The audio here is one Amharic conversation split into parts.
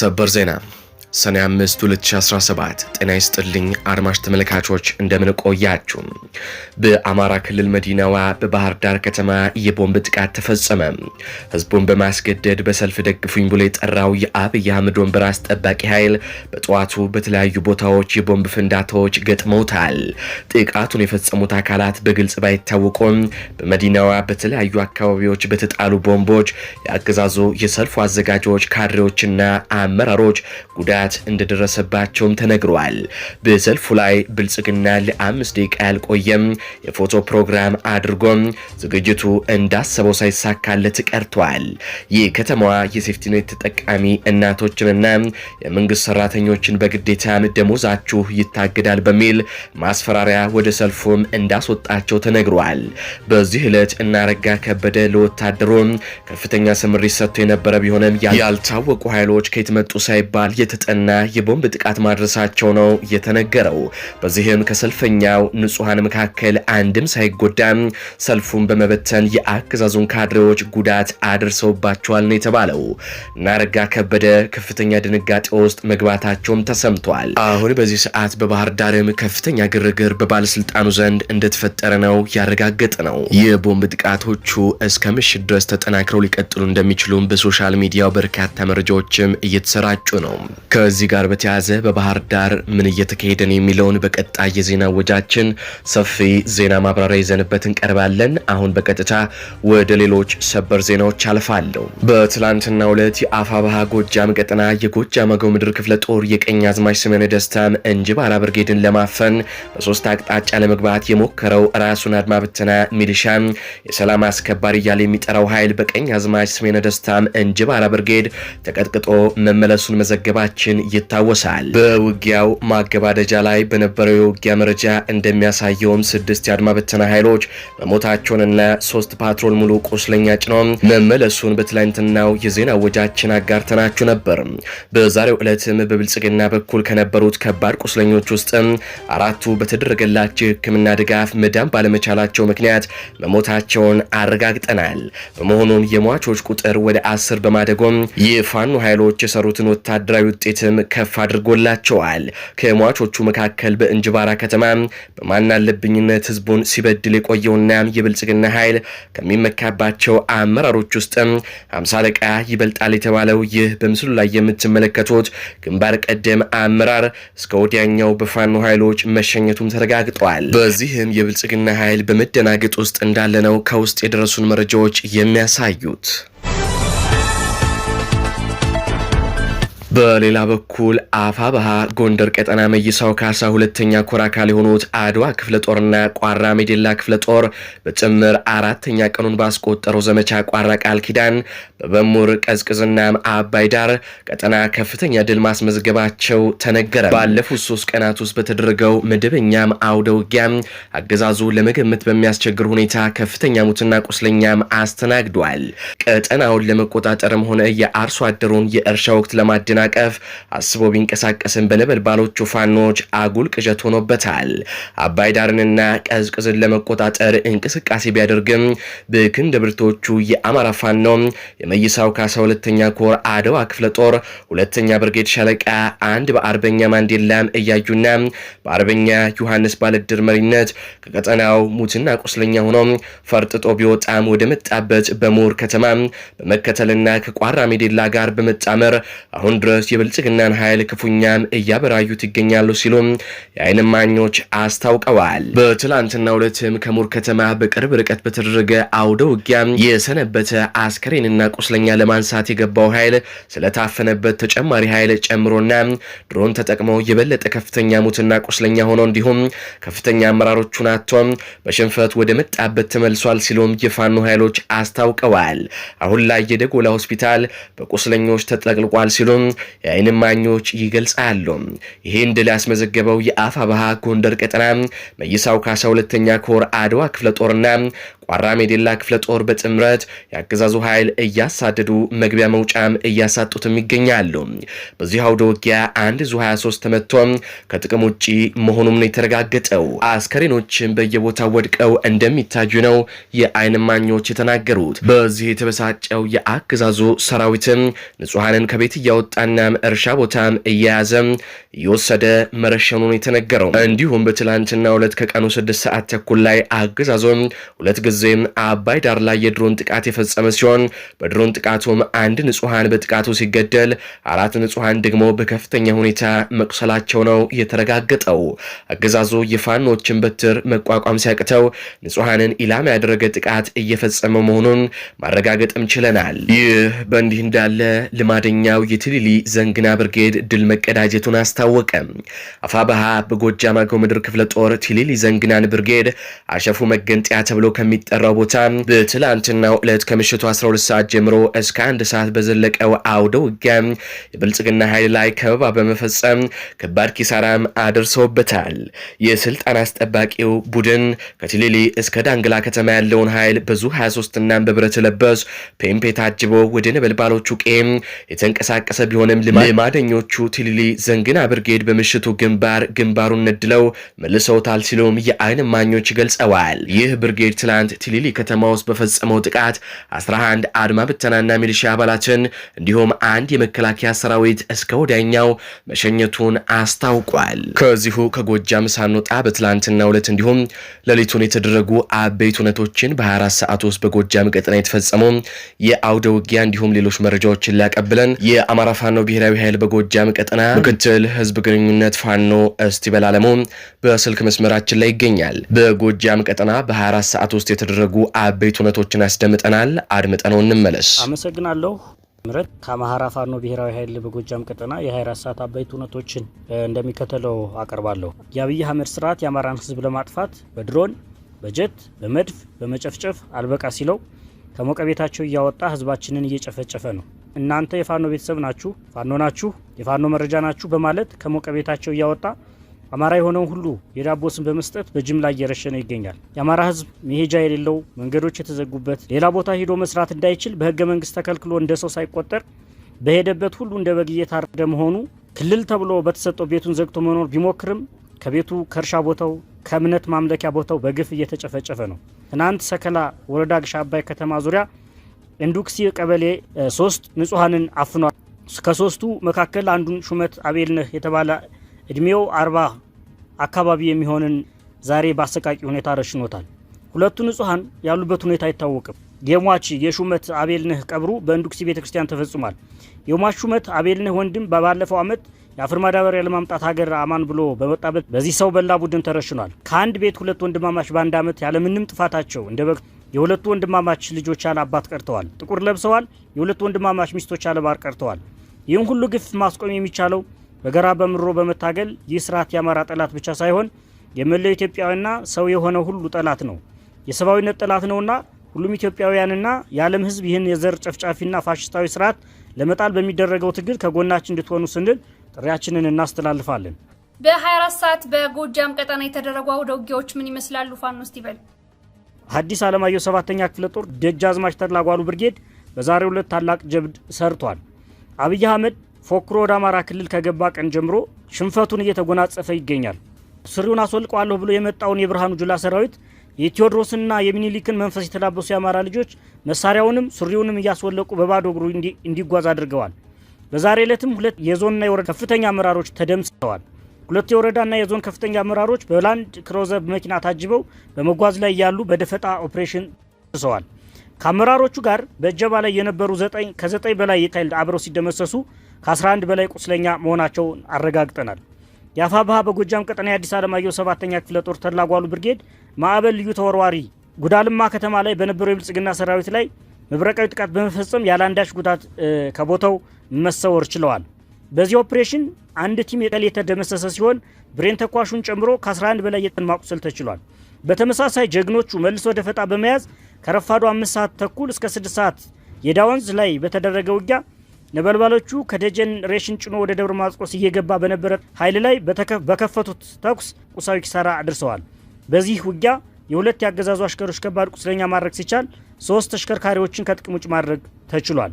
ሰበር ዜና ሰኔ 5 2017 ጤና ይስጥልኝ አድማጭ ተመልካቾች፣ እንደምን ቆያችሁ? በአማራ ክልል መዲናዋ በባህር ዳር ከተማ የቦምብ ጥቃት ተፈጸመ። ህዝቡን በማስገደድ በሰልፍ ደግፉኝ ብሎ የጠራው የአብይ አህመድ ወንበር አስጠባቂ ኃይል በጠዋቱ በተለያዩ ቦታዎች የቦምብ ፍንዳታዎች ገጥመውታል። ጥቃቱን የፈጸሙት አካላት በግልጽ ባይታወቁም በመዲናዋ በተለያዩ አካባቢዎች በተጣሉ ቦምቦች የአገዛዙ የሰልፉ አዘጋጆች፣ ካድሬዎችና አመራሮች ጉዳት ጉዳት እንደደረሰባቸውም ተነግሯል። በሰልፉ ላይ ብልጽግና ለአምስት ደቂቃ ያልቆየም የፎቶ ፕሮግራም አድርጎም ዝግጅቱ እንዳሰበው ሳይሳካለት ቀርቷል። ይህ ከተማዋ የሴፍቲኔት ተጠቃሚ እናቶችንና የመንግስት ሰራተኞችን በግዴታ ደሞዛችሁ ይታገዳል በሚል ማስፈራሪያ ወደ ሰልፉም እንዳስወጣቸው ተነግሯል። በዚህ ዕለት እናረጋ ከበደ ለወታደሩ ከፍተኛ ስምሪት ሰጥቶ የነበረ ቢሆንም ያልታወቁ ኃይሎች ከየት መጡ ሳይባል የተጠ እና የቦምብ ጥቃት ማድረሳቸው ነው የተነገረው። በዚህም ከሰልፈኛው ንጹሐን መካከል አንድም ሳይጎዳም ሰልፉን በመበተን የአገዛዙን ካድሬዎች ጉዳት አድርሰውባቸዋል ነው የተባለው። እናረጋ ከበደ ከፍተኛ ድንጋጤ ውስጥ መግባታቸውም ተሰምቷል። አሁን በዚህ ሰዓት በባህር ዳርም ከፍተኛ ግርግር በባለስልጣኑ ዘንድ እንደተፈጠረ ነው ያረጋገጠ ነው። የቦምብ ጥቃቶቹ እስከ ምሽት ድረስ ተጠናክረው ሊቀጥሉ እንደሚችሉም በሶሻል ሚዲያው በርካታ መረጃዎችም እየተሰራጩ ነው። ከዚህ ጋር በተያያዘ በባህር ዳር ምን እየተካሄደ ነው የሚለውን በቀጣይ የዜና ወጃችን ሰፊ ዜና ማብራሪያ ይዘንበት እንቀርባለን። አሁን በቀጥታ ወደ ሌሎች ሰበር ዜናዎች አልፋለሁ። በትላንትናው ዕለት የአፋባሃ ጎጃም ቀጠና የጎጃም አገው ምድር ክፍለ ጦር የቀኛዝማች ስመነ ደስታም እንጅባራ ብርጌድን ለማፈን በሶስት አቅጣጫ ለመግባት የሞከረው ራሱን አድማ ብተና ሚሊሻ የሰላም አስከባሪ እያለ የሚጠራው ኃይል በቀኛዝማች ስሜነ ደስታም እንጅባራ ብርጌድ ተቀጥቅጦ መመለሱን መዘገባችን ግን ይታወሳል። በውጊያው ማገባደጃ ላይ በነበረው የውጊያ መረጃ እንደሚያሳየውም ስድስት የአድማ ብተና ኃይሎች መሞታቸውንና ሶስት ፓትሮል ሙሉ ቁስለኛ ጭነው መመለሱን በትላንትናው የዜና ወጃችን አጋርተናችሁ ነበር። በዛሬው ዕለትም በብልጽግና በኩል ከነበሩት ከባድ ቁስለኞች ውስጥ አራቱ በተደረገላቸው የሕክምና ድጋፍ መዳን ባለመቻላቸው ምክንያት መሞታቸውን አረጋግጠናል። በመሆኑም የሟቾች ቁጥር ወደ አስር በማደጎም የፋኖ ኃይሎች የሰሩትን ወታደራዊ ውጤት ስሜትም ከፍ አድርጎላቸዋል። ከሟቾቹ መካከል በእንጅባራ ከተማ በማናለብኝነት ህዝቡን ሲበድል የቆየውና የብልጽግና ኃይል ከሚመካባቸው አመራሮች ውስጥም አምሳ አለቃ ይበልጣል የተባለው ይህ በምስሉ ላይ የምትመለከቱት ግንባር ቀደም አመራር እስከ ወዲያኛው በፋኖ ኃይሎች መሸኘቱም ተረጋግጧል። በዚህም የብልጽግና ኃይል በመደናገጥ ውስጥ እንዳለ ነው ከውስጥ የደረሱን መረጃዎች የሚያሳዩት። በሌላ በኩል ባሃ ጎንደር ቀጠና መይሳው ካሳ ሁለተኛ ኮር አካል የሆኑት አድዋ ክፍለ ጦርና ቋራ ሜዴላ ክፍለ ጦር በጭምር አራተኛ ቀኑን ባስቆጠረው ዘመቻ ቋራ ቃል ኪዳን በበሙር ቀዝቅዝና አባይ ዳር ቀጠና ከፍተኛ ድል ማስመዝገባቸው ተነገረ። ባለፉት ሶስት ቀናት ውስጥ በተደረገው መደበኛም አውደ ውጊያም አገዛዙ ለመገመት በሚያስቸግር ሁኔታ ከፍተኛ ሙትና ቁስለኛም አስተናግዷል። ቀጠናውን ለመቆጣጠርም ሆነ የአርሶ አደሩን የእርሻ ወቅት ለማደና ለማደናቀፍ አስቦ ቢንቀሳቀስን በነበልባሎቹ ፋኖች አጉል ቅዠት ሆኖበታል። አባይ ዳርንና ቀዝቅዝን ለመቆጣጠር እንቅስቃሴ ቢያደርግም ብክን ብርቶቹ የአማራ ፋኖ የመይሳው ካሳ ሁለተኛ ኮር አደዋ ክፍለ ጦር ሁለተኛ ብርጌድ ሻለቃ አንድ በአርበኛ ማንዴላም እያዩና በአርበኛ ዮሐንስ ባለድር መሪነት ከቀጠናው ሙትና ቁስለኛ ሆኖ ፈርጥጦ ቢወጣም ወደ መጣበት በሞር ከተማ በመከተልና ከቋራ ሜዴላ ጋር በመጣመር አሁን ድረስ በመደምሰስ የብልጽግናን ኃይል ክፉኛም እያበራዩት ይገኛሉ ሲሉም የአይን እማኞች አስታውቀዋል። በትላንትና ሁለትም ከሙር ከተማ በቅርብ ርቀት በተደረገ አውደ ውጊያ የሰነበተ አስከሬንና ቁስለኛ ለማንሳት የገባው ኃይል ስለታፈነበት ተጨማሪ ኃይል ጨምሮና ድሮን ተጠቅሞ የበለጠ ከፍተኛ ሙትና ቁስለኛ ሆኖ እንዲሁም ከፍተኛ አመራሮቹን አቶ በሽንፈት ወደ መጣበት ተመልሷል ሲሉም የፋኖ ኃይሎች አስታውቀዋል። አሁን ላይ የደጎላ ሆስፒታል በቁስለኞች ተጠቅልቋል ሲሉም የአይን እማኞች ይገልጻሉ። ይህን ድል ያስመዘገበው የአፋ ባሃ ጎንደር ቀጠና መይሳው ካሳ ሁለተኛ ኮር አድዋ ክፍለ ጦርና ቋራ ሜዴላ ክፍለ ጦር በጥምረት የአገዛዙ ኃይል እያሳደዱ መግቢያ መውጫም እያሳጡትም ይገኛሉ። በዚህ አውደ ውጊያ አንድ ዙ 23 ተመቶ ከጥቅም ውጭ መሆኑም ነው የተረጋገጠው። አስከሬኖችን በየቦታው ወድቀው እንደሚታዩ ነው የአይን ማኞች የተናገሩት። በዚህ የተበሳጨው የአገዛዙ ሰራዊትም ንጹሐንን ከቤት እያወጣና እርሻ ቦታም እየያዘም እየወሰደ መረሸኑን የተነገረው እንዲሁም በትላንትና ሁለት ከቀኑ ስድስት ሰዓት ተኩል ላይ አገዛዞን ሁለት እዚህም አባይ ዳር ላይ የድሮን ጥቃት የፈጸመ ሲሆን በድሮን ጥቃቱም አንድ ንጹሐን በጥቃቱ ሲገደል አራት ንጹሐን ደግሞ በከፍተኛ ሁኔታ መቁሰላቸው ነው የተረጋገጠው። አገዛዙ የፋኖችን በትር መቋቋም ሲያቅተው ንጹሐንን ኢላማ ያደረገ ጥቃት እየፈጸመ መሆኑን ማረጋገጥም ችለናል። ይህ በእንዲህ እንዳለ ልማደኛው የትልሊ ዘንግና ብርጌድ ድል መቀዳጀቱን አስታወቀ። አፋበሃ በጎጃም አገው ምድር ክፍለ ጦር ትልሊ ዘንግናን ብርጌድ አሸፉ መገንጥያ ተብሎ ከሚ በሚጠራው ቦታ በትላንትናው ዕለት ከምሽቱ 12 ሰዓት ጀምሮ እስከ አንድ ሰዓት በዘለቀው አውደ ውጊያ የብልጽግና ኃይል ላይ ከበባ በመፈጸም ከባድ ኪሳራም አድርሰውበታል። የስልጣን አስጠባቂው ቡድን ከትሊሊ እስከ ዳንግላ ከተማ ያለውን ኃይል በዙ 23 እና በብረት ለበስ ፔምፔ ታጅቦ ወደ ነበልባሎቹ ቄም የተንቀሳቀሰ ቢሆንም ልማደኞቹ ትሊሊ ዘንግና ብርጌድ በምሽቱ ግንባር ግንባሩን ነድለው መልሰውታል ሲሉም የአይን ማኞች ገልጸዋል። ይህ ብርጌድ ትላንት ቲሊሊ ከተማ ውስጥ በፈጸመው ጥቃት 11 አድማ ብተናና ሚሊሻ አባላትን እንዲሁም አንድ የመከላከያ ሰራዊት እስከ ወዲያኛው መሸኘቱን አስታውቋል። ከዚሁ ከጎጃም ሳንወጣ በትላንትና ሁለት እንዲሁም ሌሊቱን የተደረጉ አበይት እውነቶችን በ24 ሰዓት ውስጥ በጎጃም ቀጠና የተፈጸሙ የአውደ ውጊያ እንዲሁም ሌሎች መረጃዎችን ሊያቀብለን የአማራ ፋኖ ብሔራዊ ኃይል በጎጃም ቀጠና ምክትል ህዝብ ግንኙነት ፋኖ እስቲ በላለሙ በስልክ መስመራችን ላይ ይገኛል። በጎጃም ቀጠና በ24 ሰዓት ውስጥ የተደረጉ አበይት እውነቶችን አስደምጠናል። አድምጠነው እንመለስ። አመሰግናለሁ። ምረት ከአማራ ፋኖ ብሔራዊ ኃይል በጎጃም ቀጠና የ24 ሰዓት አበይት እውነቶችን እንደሚከተለው አቀርባለሁ። የአብይ አህመድ ስርዓት የአማራን ህዝብ ለማጥፋት በድሮን በጀት በመድፍ በመጨፍጨፍ አልበቃ ሲለው ከሞቀ ቤታቸው እያወጣ ህዝባችንን እየጨፈጨፈ ነው። እናንተ የፋኖ ቤተሰብ ናችሁ፣ ፋኖ ናችሁ፣ የፋኖ መረጃ ናችሁ በማለት ከሞቀ ቤታቸው እያወጣ አማራ የሆነውን ሁሉ የዳቦ ስም በመስጠት በጅምላ እየረሸነ ይገኛል። የአማራ ህዝብ መሄጃ የሌለው መንገዶች የተዘጉበት ሌላ ቦታ ሄዶ መስራት እንዳይችል በህገ መንግስት ተከልክሎ እንደ ሰው ሳይቆጠር በሄደበት ሁሉ እንደ በግ እየታረደ መሆኑ ክልል ተብሎ በተሰጠው ቤቱን ዘግቶ መኖር ቢሞክርም ከቤቱ ከእርሻ ቦታው ከእምነት ማምለኪያ ቦታው በግፍ እየተጨፈጨፈ ነው። ትናንት ሰከላ ወረዳ ግሻ አባይ ከተማ ዙሪያ እንዱክሲ ቀበሌ ሶስት ንጹሐንን አፍኗል። ከሶስቱ መካከል አንዱን ሹመት አቤልነህ የተባለ እድሜው አርባ አካባቢ የሚሆንን ዛሬ በአሰቃቂ ሁኔታ ረሽኖታል። ሁለቱ ንጹሐን ያሉበት ሁኔታ አይታወቅም። የሟች የሹመት አቤልነህ ቀብሩ በእንዱክሲ ቤተ ክርስቲያን ተፈጽሟል። የሟች ሹመት አቤልነህ ወንድም በባለፈው ዓመት የአፈር ማዳበሪያ ለማምጣት ሀገር አማን ብሎ በመጣበት በዚህ ሰው በላ ቡድን ተረሽኗል። ከአንድ ቤት ሁለት ወንድማማች በአንድ ዓመት ያለምንም ጥፋታቸው እንደ በግ የሁለቱ ወንድማማች ልጆች ያለ አባት ቀርተዋል። ጥቁር ለብሰዋል። የሁለቱ ወንድማማች ሚስቶች ያለ ባር ቀርተዋል። ይህን ሁሉ ግፍ ማስቆም የሚቻለው በጋራ በምሮ በመታገል ይህ ስርዓት የአማራ ጠላት ብቻ ሳይሆን የመላው ኢትዮጵያውያንና ሰው የሆነ ሁሉ ጠላት ነው፣ የሰብአዊነት ጠላት ነውና ሁሉም ኢትዮጵያውያንና የዓለም ሕዝብ ይህን የዘር ጨፍጫፊና ፋሽስታዊ ስርዓት ለመጣል በሚደረገው ትግል ከጎናችን እንድትሆኑ ስንል ጥሪያችንን እናስተላልፋለን። በ24 ሰዓት በጎጃም ቀጠና የተደረጉ አውደ ውጊያዎች ምን ይመስላሉ? ፋኖ ስቲበል ሐዲስ ዓለማየሁ ሰባተኛ ክፍለ ጦር ደጃዝማች ተድላ ብርጌድ በዛሬው ዕለት ታላቅ ጀብድ ሰርቷል። አብይ አህመድ ፎክሮ ወደ አማራ ክልል ከገባ ቀን ጀምሮ ሽንፈቱን እየተጎናጸፈ ይገኛል። ስሪውን አስወልቀዋለሁ ብሎ የመጣውን የብርሃኑ ጁላ ሰራዊት የቴዎድሮስና የሚኒሊክን መንፈስ የተላበሱ የአማራ ልጆች መሳሪያውንም ሱሪውንም እያስወለቁ በባዶ እግሩ እንዲጓዝ አድርገዋል። በዛሬ ዕለትም ሁለት የዞንና የወረዳ ከፍተኛ አመራሮች ተደምስሰዋል። ሁለት የወረዳና የዞን ከፍተኛ አመራሮች በላንድ ክሮዘር መኪና ታጅበው በመጓዝ ላይ ያሉ በደፈጣ ኦፕሬሽን ተሰዋል። ከአመራሮቹ ጋር በእጀባ ላይ የነበሩ ከዘጠኝ በላይ የታይል አብረው ሲደመሰሱ ከ11 በላይ ቁስለኛ መሆናቸውን አረጋግጠናል። የአፋብሃ በጎጃም ቀጠና የአዲስ አለማየሁ ሰባተኛ ክፍለ ጦር ተላጓሉ ብርጌድ ማዕበል ልዩ ተወርዋሪ ጉዳልማ ከተማ ላይ በነበረው የብልጽግና ሰራዊት ላይ መብረቃዊ ጥቃት በመፈጸም ያለአንዳች ጉዳት ከቦታው መሰወር ችለዋል። በዚህ ኦፕሬሽን አንድ ቲም የጠል የተደመሰሰ ሲሆን ብሬን ተኳሹን ጨምሮ ከ11 በላይ የጠን ማቁሰል ተችሏል። በተመሳሳይ ጀግኖቹ መልሶ ደፈጣ በመያዝ ከረፋዱ አምስት ሰዓት ተኩል እስከ ስድስት ሰዓት የዳወንዝ ላይ በተደረገ ውጊያ ነበልባሎቹ ከደጀኔሬሽን ጭኖ ወደ ደብረ ማርቆስ እየገባ በነበረ ኃይል ላይ በከፈቱት ተኩስ ቁሳዊ ኪሳራ አድርሰዋል። በዚህ ውጊያ የሁለት የአገዛዙ አሽከሮች ከባድ ቁስለኛ ማድረግ ሲቻል ሶስት ተሽከርካሪዎችን ከጥቅም ውጭ ማድረግ ተችሏል።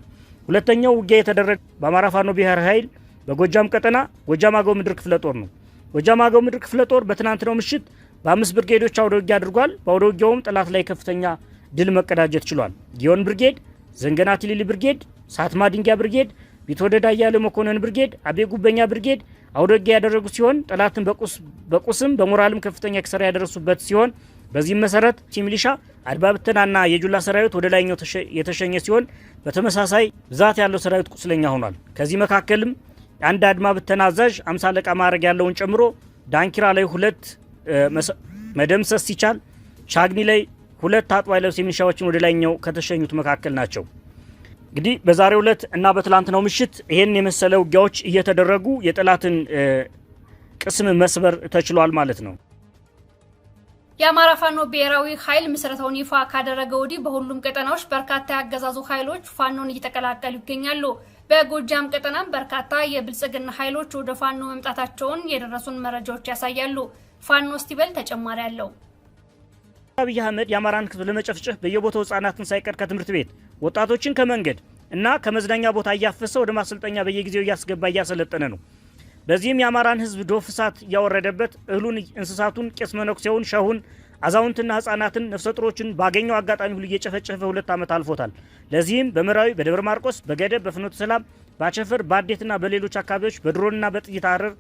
ሁለተኛው ውጊያ የተደረገ በአማራ ፋኖ ብሔራዊ ኃይል በጎጃም ቀጠና ጎጃም አገው ምድር ክፍለ ጦር ነው። ጎጃም አገው ምድር ክፍለ ጦር በትናንትናው ምሽት በአምስት ብርጌዶች አውደ ውጊያ አድርጓል። በአውደ ውጊያውም ጠላት ላይ ከፍተኛ ድል መቀዳጀት ችሏል። ጊዮን ብርጌድ፣ ዘንገና ቲሊሊ ብርጌድ ሳትማ ድንጊያ ብርጌድ፣ ቢትወደድ አያለ መኮንን ብርጌድ፣ አቤ ጉበኛ ብርጌድ አውደጊያ ያደረጉ ሲሆን ጠላትን በቁስም በሞራልም ከፍተኛ ክሰራ ያደረሱበት ሲሆን በዚህም መሰረት ሚሊሻ አድባ ብተናና የጁላ ሰራዊት ወደ ላይኛው የተሸኘ ሲሆን በተመሳሳይ ብዛት ያለው ሰራዊት ቁስለኛ ሆኗል። ከዚህ መካከልም አንድ አድማ ብተና አዛዥ አምሳ አለቃ ማዕረግ ያለውን ጨምሮ ዳንኪራ ላይ ሁለት መደምሰስ ሲቻል ቻግኒ ላይ ሁለት አጥዋይ ለብስ የሚሊሻዎችን ወደ ላይኛው ከተሸኙት መካከል ናቸው። እንግዲህ በዛሬው ዕለት እና በትላንትናው ምሽት ይሄን የመሰለ ውጊያዎች እየተደረጉ የጠላትን ቅስም መስበር ተችሏል ማለት ነው። የአማራ ፋኖ ብሔራዊ ኃይል ምስረታውን ይፋ ካደረገ ወዲህ በሁሉም ቀጠናዎች በርካታ ያገዛዙ ኃይሎች ፋኖን እየተቀላቀሉ ይገኛሉ። በጎጃም ቀጠናም በርካታ የብልጽግና ኃይሎች ወደ ፋኖ መምጣታቸውን የደረሱን መረጃዎች ያሳያሉ። ፋኖ ስቲበል ተጨማሪ አለው። አብይ አህመድ የአማራን ክፍል ለመጨፍጨፍ በየቦታው ህጻናትን ሳይቀር ከትምህርት ቤት ወጣቶችን ከመንገድ እና ከመዝናኛ ቦታ እያፈሰ ወደ ማሰልጠኛ በየጊዜው እያስገባ እያሰለጠነ ነው። በዚህም የአማራን ህዝብ ዶፍ እሳት እያወረደበት እህሉን፣ እንስሳቱን፣ ቄስ መነኩሴውን፣ ሸሁን፣ አዛውንትና ህጻናትን፣ ነፍሰጥሮችን ባገኘው አጋጣሚ ሁሉ እየጨፈጨፈ ሁለት ዓመት አልፎታል። ለዚህም በምራዊ በደብረ ማርቆስ፣ በገደብ፣ በፍኖተ ሰላም፣ በአቸፈር፣ በአዴትና በሌሎች አካባቢዎች በድሮንና በጥይት አረር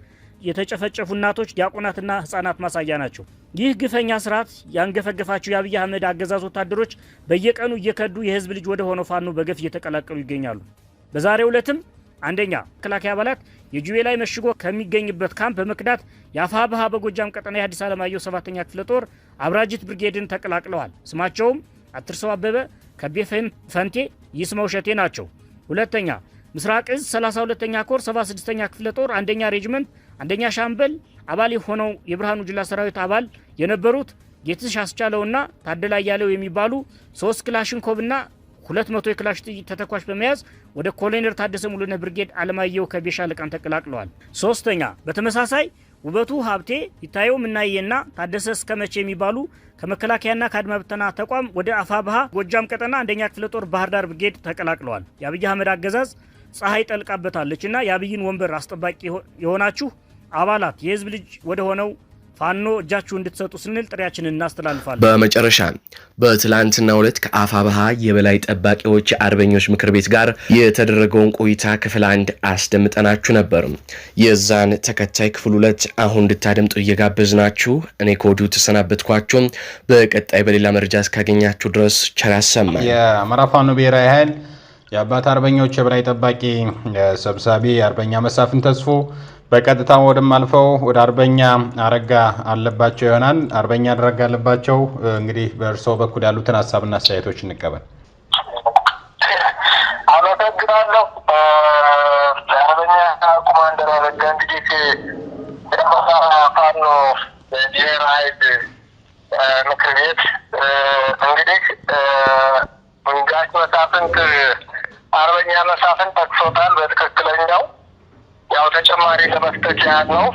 የተጨፈጨፉ እናቶች፣ ዲያቆናትና ህጻናት ማሳያ ናቸው። ይህ ግፈኛ ስርዓት ያንገፈገፋቸው የአብይ አህመድ አገዛዝ ወታደሮች በየቀኑ እየከዱ የህዝብ ልጅ ወደ ሆነው ፋኖ በገፍ እየተቀላቀሉ ይገኛሉ። በዛሬው ዕለትም አንደኛ መከላከያ አባላት የጁቤ ላይ መሽጎ ከሚገኝበት ካምፕ በመክዳት የአፋብሃ በጎጃም ቀጠና የአዲስ አለማየሁ ሰባተኛ ክፍለ ጦር አብራጅት ብርጌድን ተቀላቅለዋል። ስማቸውም አትርሰው አበበ፣ ከቤ ፈንቴ፣ ይስመው ሸቴ ናቸው። ሁለተኛ ምስራቅ እዝ 32ኛ ኮር 76ኛ ክፍለ ጦር አንደኛ ሬጅመንት አንደኛ ሻምበል አባል የሆነው የብርሃኑ ጁላ ሰራዊት አባል የነበሩት ጌትሽ አስቻለውና ታደላ ያለው የሚባሉ ሶስት ክላሽንኮቭና ሁለት መቶ የክላሽ ጥይት ተተኳሽ በመያዝ ወደ ኮሎኔል ታደሰ ሙሉነ ብርጌድ አለማየሁ ከቤሻ ልቃን ተቀላቅለዋል። ሶስተኛ በተመሳሳይ ውበቱ ሀብቴ፣ ይታየው ምናዬና ታደሰ እስከ መቼ የሚባሉ ከመከላከያና ከአድማ ብተና ተቋም ወደ አፋብሃ ጎጃም ቀጠና አንደኛ ክፍለ ጦር ባህር ዳር ብርጌድ ተቀላቅለዋል። የአብይ አህመድ አገዛዝ ፀሐይ ጠልቃበታለች እና የአብይን ወንበር አስጠባቂ የሆናችሁ አባላት የህዝብ ልጅ ወደ ሆነው ፋኖ እጃችሁ እንድትሰጡ ስንል ጥሪያችንን እናስተላልፋለን። በመጨረሻ በትላንትናው ዕለት ከአፋ የበላይ ጠባቂዎች የአርበኞች ምክር ቤት ጋር የተደረገውን ቆይታ ክፍል አንድ አስደምጠናችሁ ነበር። የዛን ተከታይ ክፍል ሁለት አሁን እንድታደምጡ እየጋበዝናችሁ እኔ ከወዲሁ ተሰናበትኳችሁ። በቀጣይ በሌላ መረጃ እስካገኛችሁ ድረስ ቸር ያሰማል። የአማራ ፋኖ ብሔራዊ ኃይል የአባት አርበኞች የበላይ ጠባቂ ሰብሳቢ አርበኛ መሳፍን ተስፎ በቀጥታ ወደም አልፈው ወደ አርበኛ አረጋ አለባቸው ይሆናል። አርበኛ አረጋ አለባቸው እንግዲህ በእርስዎ በኩል ያሉትን ሀሳብና አስተያየቶች እንቀበል። አመሰግናለሁ። አርበኛ ኮማንደር አረጋ እንግዲህ ፋኖ ብሔራዊ ምክር ቤት እንግዲህ ጋሽ መሳፍንት አርበኛ መሳፍንት ጠቅሶታል በትክክለኛው ያው ተጨማሪ ለመስጠት ያህል ነው።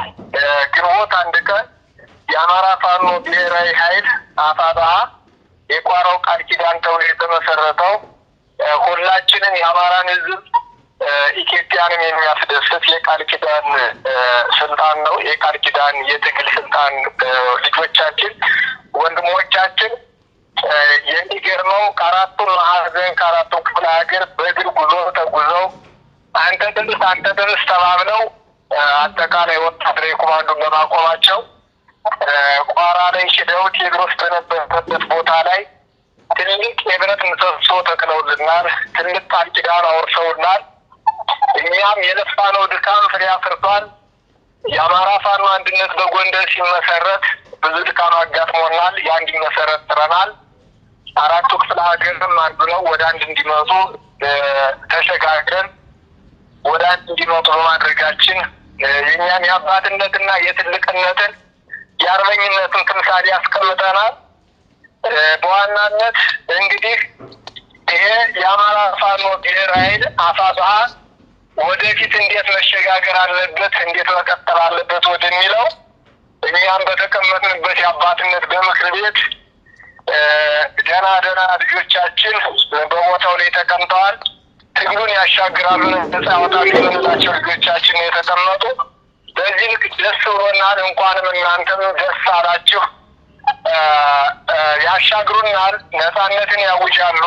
ግንቦት አንድ ቀን የአማራ ፋኖ ብሔራዊ ኃይል አፋባሀ የቋራው ቃል ኪዳን ተብሎ የተመሰረተው ሁላችንም የአማራን ህዝብ ኢትዮጵያንም የሚያስደስት የቃል ኪዳን ስልጣን ነው። የቃል ኪዳን የትግል ስልጣን ልጆቻችን፣ ወንድሞቻችን የሚገርመው ከአራቱም ማዕዘን ከአራቱም ክፍለ ሀገር በእግር ጉዞ ተጉዘው አንተ ድምፅ አንተ ድምፅ ተባብለው አጠቃላይ ወታደራዊ ኮማንዶን በማቆማቸው ቋራ ላይ ሂደው ቴዎድሮስ በነበረበት ቦታ ላይ ትልቅ የብረት ምሰሶ ተክለውልናል። ትልቅ ቃል ኪዳን አውርሰውናል። እኛም የለፋነው ድካም ፍሬ አፍርቷል። የአማራ ፋኖ አንድነት በጎንደር ሲመሰረት ብዙ ድካም አጋጥሞናል። የአንድ መሰረት ጥረናል። አራቱ ክፍለ ሀገርም አንዱ ነው። ወደ አንድ እንዲመጡ ተሸጋግረን ወደ አንድ እንዲመጡ በማድረጋችን የእኛን የአባትነትና የትልቅነትን የአርበኝነትን ትምሳሌ ያስቀምጠናል። በዋናነት እንግዲህ ይሄ የአማራ ፋኖ ብሔር ኃይል አፋብኃ ወደፊት እንዴት መሸጋገር አለበት፣ እንዴት መቀጠል አለበት ወደሚለው እኛም በተቀመጥንበት የአባትነት በምክር ቤት ደህና ደህና ልጆቻችን በቦታው ላይ ተቀምጠዋል። ትግሉን ያሻግራሉ፣ ነጻ ያወጣሉ ልጆቻችን የተቀመጡ በዚህ ደስ ብሎናል። እንኳንም እናንተም ደስ አላችሁ። ያሻግሩናል፣ ነጻነትን ያውጃሉ።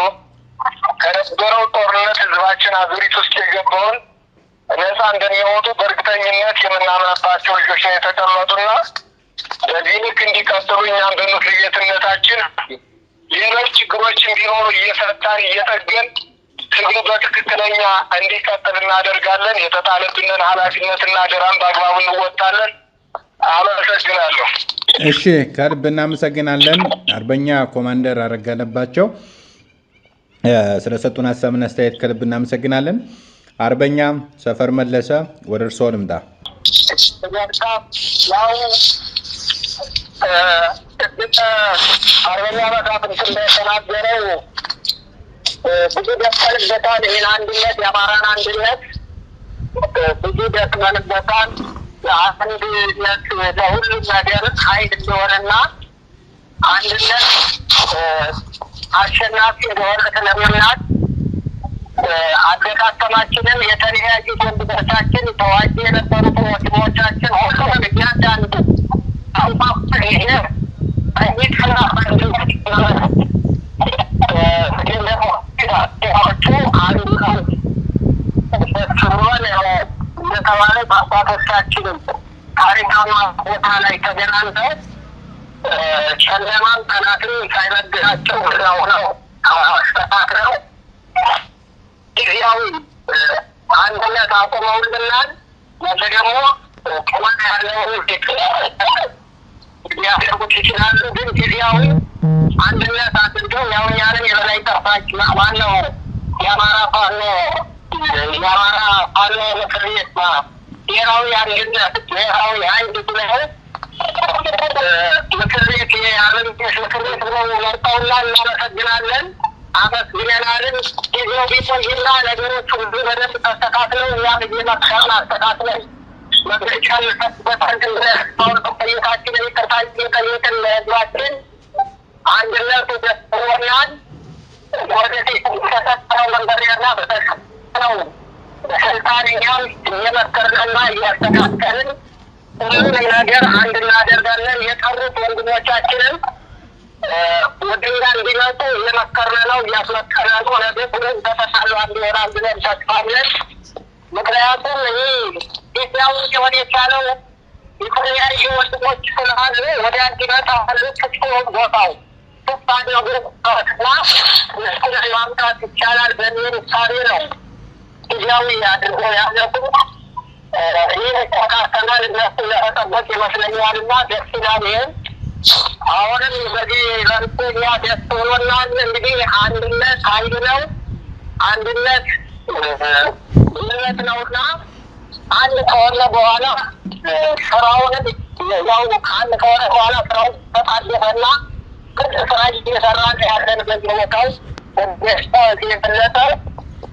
ከነበረው ጦርነት ህዝባችን አዙሪት ውስጥ የገባውን ነፃ እንደሚወጡ በእርግጠኝነት የምናምናባቸው ልጆች ነው የተቀመጡና በዚህ ልክ እንዲቀጥሉ እኛም በምክር ቤትነታችን ሌሎች ችግሮች እንዲኖሩ እየፈታን እየጠገን ትግሉ በትክክለኛ እንዲቀጥል እናደርጋለን። የተጣለብንን ኃላፊነትና አደራን በአግባቡ እንወጣለን። አመሰግናለሁ። እሺ፣ ከልብ እናመሰግናለን አርበኛ ኮማንደር አረጋለባቸው ስለሰጡን ሀሳብና አስተያየት ከልብ እናመሰግናለን። አርበኛ ሰፈር መለሰ ወደ እርስዎ ልምጣ። ያው አርበኛ መሳፍንት እንደተናገረው ብዙ ደክመንበታል። ይህን አንድነት የአማራን አንድነት ብዙ ደክመንበታል። የአንድነት ለሁሉም ነገር ኃይል እንደሆነና አንድነት አሸናፊ እንደሆነ ስለምናት አደካከማችንን የተለያዩ ጎንብቶቻችን ተዋጅ የነበሩት ወንድሞቻችን ሁሉም እያንዳንዱ ይሄ ይህ አባቶቻችንም ታሪካማ ቦታ ላይ ተገናኝተው ጨለማም ጠላትን ሳይበግራቸው እዛው ነው አስተካክለው ጊዜያዊ አንድነት አቁመውልናል። ነገ ደግሞ ቁመት ያለው ያለውን ሊያደርጉት ይችላሉ። ግን ጊዜያዊ አንድነት አድርገው ያው እኛንም የበላይ ጠፋች ማነው የአማራ ፋኖ የአማራ ፋኖ ምክር ቤት ብሔራዊ አንድነት ብሔራዊ አንድነት ምክር ቤት የአርበኞች ምክር ቤት ነው መርጠውና እናመሰግናለን አመስግነናልን። ጊዜው ቢቆይና ነገሮች ሁሉ በደንብ ተስተካክለው እኛ እየመከርን አስተካክለን መግለጫ እንሰጥበት አንድነት መቆየታችንን ይቅርታ እየጠየቅን ለህዝባችን አንድነቱ ደስ ብሎናል። ወደፊት ተሰጠረው መንገድ በተሰ ነው ስልጣንኛም እየመከርንና እያስተካከልን ሁሉንም ነገር አንድ እናደርጋለን። የቀሩት ወንድሞቻችንም ወደ እኛ እንዲመጡ እየመከርን ነው፣ እያስመከርን ነው። ነገ ሁሉም ተፈሳሉ አንድ ይሆናል ብለን ሰጥፋለን። ምክንያቱም ይህ ኢትዮጵያ ውስጥ የሆነ የቻለው የተለያዩ ወንድሞች ስላሉ ወደ እንዲመጣ አሉ ክፍቶ ቦታው ስፋ ግሩፕ እና ማምጣት ይቻላል በሚል ሳቤ ነው ጊዜያዊ አድርጎ ያዘጉ ይህ ተካተናል እነሱ ለመጠበቅ ይመስለኛል እና ደስ ይላል። ይህም አሁንም በዚህ መልኩ ያ ደስ ብሎናል። እንግዲህ አንድነት ኃይል ነው። አንድነት ጉልበት ነውና አንድ ከሆነ በኋላ ስራውንም ያው ከአንድ ከሆነ በኋላ ስራውን ተጣደፈና ግልጽ ስራ እየሰራ ያለን በዚህ ሁኔታ ውስጥ ደስታ የበለጠ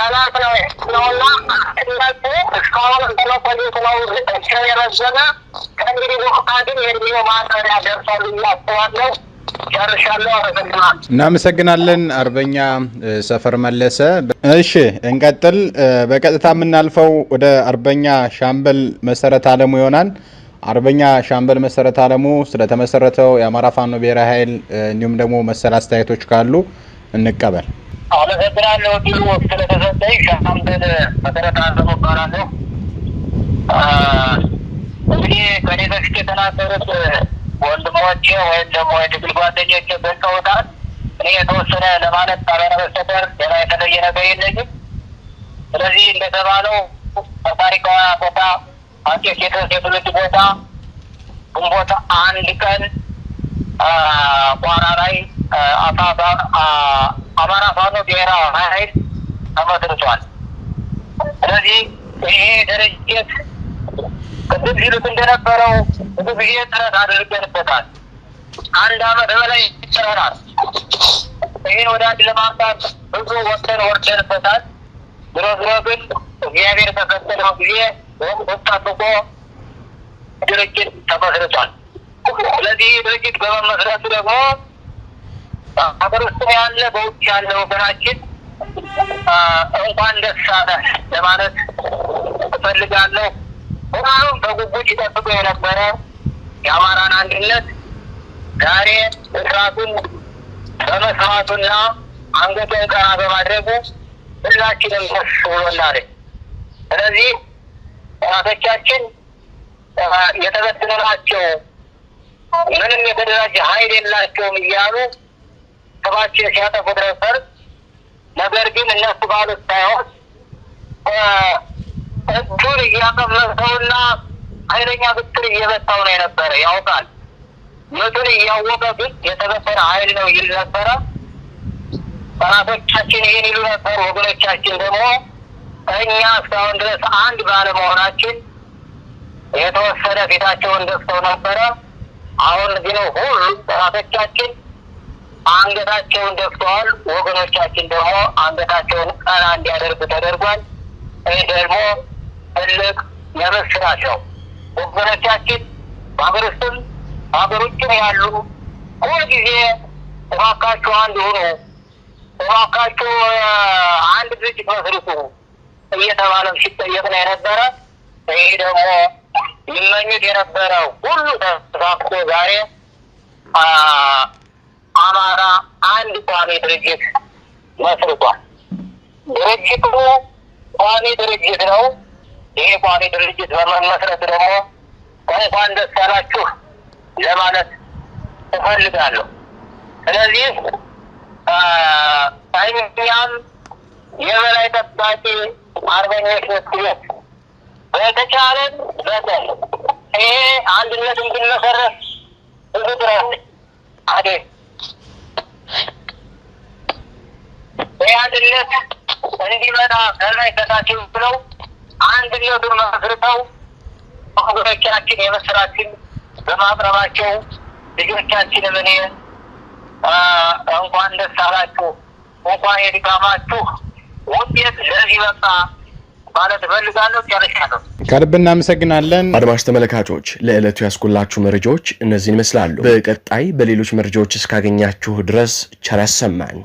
ጠላት ነው ነውና እነሱ እስካሁን ነው የረዘመ ከእንግዲህ በኋላ ግን ደርሷል እያስባለሁ። እናመሰግናለን አርበኛ ሰፈር መለሰ። እሺ እንቀጥል። በቀጥታ የምናልፈው ወደ አርበኛ ሻምበል መሰረት አለሙ ይሆናል። አርበኛ ሻምበል መሰረት አለሙ ስለተመሰረተው የአማራ ፋኖ ብሔራዊ ኃይል እንዲሁም ደግሞ መሰል አስተያየቶች ካሉ እንቀበል። አመሰግናለሁ ድሉ ስለተሰጠኝ። ሻምበል መሰረት አዘሙ እባላለሁ። እንግዲህ ከኔ በፊት የተናገሩት ወንድሞቼ ወይም ደግሞ የትግል ጓደኞቼ ገልጸውታል። እኔ የተወሰነ ለማለት ካልሆነ በስተቀር ሌላ የተለየ ነገር የለኝም። ስለዚህ እንደተባለው በታሪካዊ ቦታ አጤ ቴዎድሮስ የትውልድ ቦታ ግንቦት አንድ ቀን ቋራ ላይ አማራ ፋኖ ብሔራዊ ኃይል ተመስርቷል። ስለዚህ ይሄ ድርጅት ቅድም ሲሉት እንደነበረው ብዙ ጊዜ ጥረት አድርገንበታል። አንድ አመት በላይ ይጭረናል። ይህን ወደ አንድ ለማምጣት ብዙ ወሰን ወርደንበታል። ዞሮ ዞሮ ግን እግዚአብሔር በፈቀደው ጊዜ ወቅት ድርጅት ተመስርቷል። ስለዚህ ድርጅት በመመስረቱ ደግሞ ሀገር ያለ በውጭ ያለ ወገናችን እንኳን ደስ አለ ለማለት እፈልጋለሁ። ሁሉም በጉጉት ይጠብቁ የነበረ የአማራን አንድነት ዛሬ እስራቱን በመስዋዕቱና አንገቱን ቀና በማድረጉ ሁላችንም ደስ ብሎናል። ስለዚህ ጠላቶቻችን የተበተኑ ናቸው፣ ምንም የተደራጀ ኃይል የላቸውም እያሉ እባክህ ሲያጠፉ ድረስ ነገር ግን እነሱ ባሉት ሳይሆን እጁን እያቀመሰውና ኃይለኛ ብትር እየመታው ነው የነበረ። ያውቃል ምቱን እያወቀ ግን የተበሰረ ኃይል ነው ይል ነበረ። ጠላቶቻችን ይህን ይሉ ነበር። ወገኖቻችን ደግሞ እኛ እስካሁን ድረስ አንድ ባለመሆናችን የተወሰደ ፊታቸውን ደፍተው ነበረ። አሁን ግን ሁሉ ጠላቶቻችን አንገታቸውን ደፍተዋል። ወገኖቻችን ደግሞ አንገታቸውን ቀና እንዲያደርጉ ተደርጓል። ይህ ደግሞ ትልቅ የምስራች ነው። ወገኖቻችን በሀገር ውስጥም በሀገር ውጭም ያሉ ሁልጊዜ እባካችሁ አንድ ሁኑ፣ እባካችሁ አንድ ድርጅት መስርቱ እየተባለም ሲጠየቅ ነው የነበረ። ይህ ደግሞ ይመኙት የነበረ ሁሉ ተሳክቶ ዛሬ አማራ አንድ ቋሚ ድርጅት መስርቷል። ድርጅቱ ቋሚ ድርጅት ነው። ይሄ ቋሚ ድርጅት በመመስረት ደግሞ እንኳን ደስ ለማለት እፈልጋለሁ። ስለዚህ ሳይንስኛም የበላይ ጠባቂ አርበኞች ምክሎች በተቻለን መጠን ይሄ አንድነት እንድንመሰረት ብዙ ጥረት አዴ በአንድነት እንዲመጣ ከላይ ከታች ብለው አንድነቱ መስርተው ወገኖቻችን የምስራችን በማቅረባቸው ልጆቻችን እኔ እንኳን ደስ አላችሁ፣ እንኳን የድካማችሁ ውጤት ለዚህ በቃ ማለት እፈልጋለሁ። ጨርሻለሁ። ከልብ እናመሰግናለን። አድማሽ ተመልካቾች ለዕለቱ ያስኩላችሁ መረጃዎች እነዚህን ይመስላሉ። በቀጣይ በሌሎች መረጃዎች እስካገኛችሁ ድረስ ቸር ያሰማን።